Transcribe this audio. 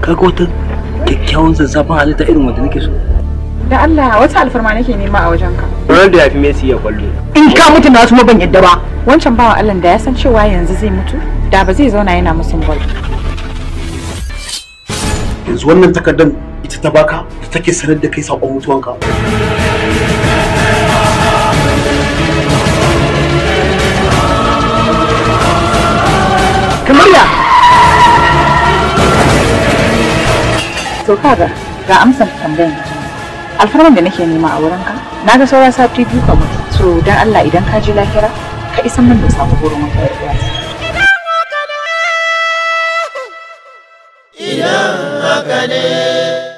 kaga wata kyakkyawan zazzafin halitta irin wanda nake so da Allah wata alfarma nake nema a wajenka. ka Ronaldo ya fi Messi ya kwallo in ka mutu na su ban yadda ba wancan bawa Allah da ya san cewa yanzu zai mutu da ba zai zauna yana musun bol yanzu wannan takardar ita ta baka da take sanar da kai sakon mutuwanka kamar ya to kaga ga amsan tambayan alfarman da nake nema a wurinka na ga saura sati biyu ka mutu so don Allah idan ka ji lahira ka isa min da samu gurin wata yarda